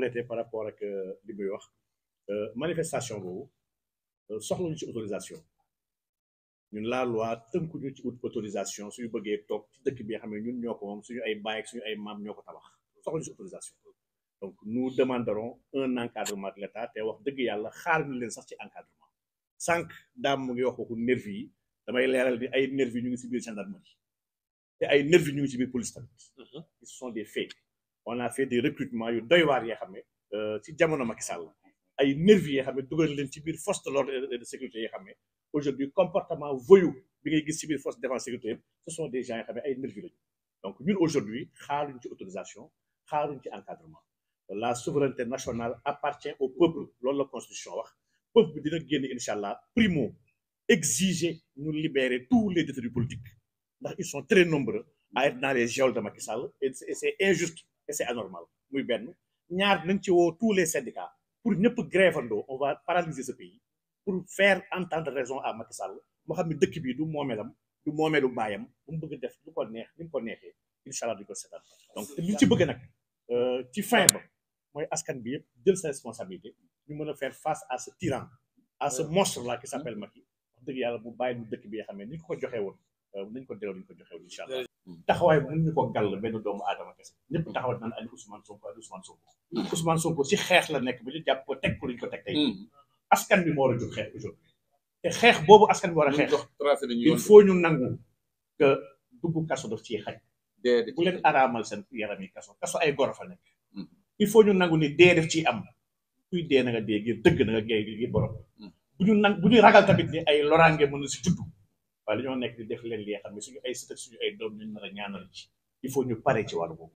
compléter par rapport ak euh, li muy wax euh, manifestation boobu euh, soxlañu ci autorisation ñun la loi tënkuñu ci ut autorisation suñu bëggee toog ci dëkk bi nga xam ne ñun ñoo ko moom suñu ay baay ak suñu ay maam ñoo ko tabax soxlañu ci autorisation donc nous demanderons un encadrement de l'État te wax dëgg yàlla xaar ñu leen sax ci encadrement sànq daam mu ngi wax waxu nervi yi damay leeral ni ay nervi ñu ngi si biir gendarmerie te ay nervi ñu ngi si biir police tamit mhm. ce on a fait des recrutements yu doy waar yoo xam ne euh, ci jamono Macky ay nervis yoo xam ne dugal leen ci biir force de l'ordre et de sécurité yoo xam aujourd'hui comportement voyou bi ngay gis ci biir force de défense sécurité yëpp ce sont des gens yoo xam ne ay nervis lañu donc ñun aujourd'hui xaaruñ ci autorisation xaaruñ ci encadrement la souveraineté nationale appartient au peuple lool la constitution wax peuple bi dina génn incha allah primo exiger ñu libérer tous les détenus politiques ndax ils sont très nombreux à être dans les geôles de Macky est c'est anormal muy benn ñaar nañ ci woo tous les syndicats pour ñëpp grévandoo on va paralyser ce pays pour faire entendre raison à Macky Sall moo xam ne dëkk bii du moomelam du moomeelu baayam bu mu bëgg def lu ko neex ni mu ko neexee incha allah duñ ko seetaan donc li ci bëgg nag euh, ci fin ba mooy askan bi yëpp jël sa responsabilité ñu mën a faire face à ce tyran à ce monstre là qui s'appelle Macky wax dëgg yàlla bu bàyyi lu dëkk bi nga xam ne ni ko ko nañ euh, ko delloo nañ ko joxew incha allah mm. taxawaay mën ñu ko gàll benn doomu aadama kese ñëpp taxawaat naan ali Ousmane Sonko ali Ousmane Sonko mm. Ousmane Sonko xeex la nekk bi ñu jàpp ko teg ko luñ ko teg tey mm. askan bi moo war a jóg xeex boobu askan bi war a xeex il faut ñu nangu que dugg kaso daf ciy xaj bu leen araamal seen yaram yi kaso kaso ay gor fa nekk il faut ñu nangu ni dee def ciy am kuy dee na nga dee ngir dëgg na nga gay ngir borom bu ñu nang bu ñu ragal tamit ni ay loraange mën na si juddu waaye ñoo nekk di def leen li nga xam suñu ay sët suñu ay doom ñu nar ñaanal ci il faut ñu pare ci wàll boobu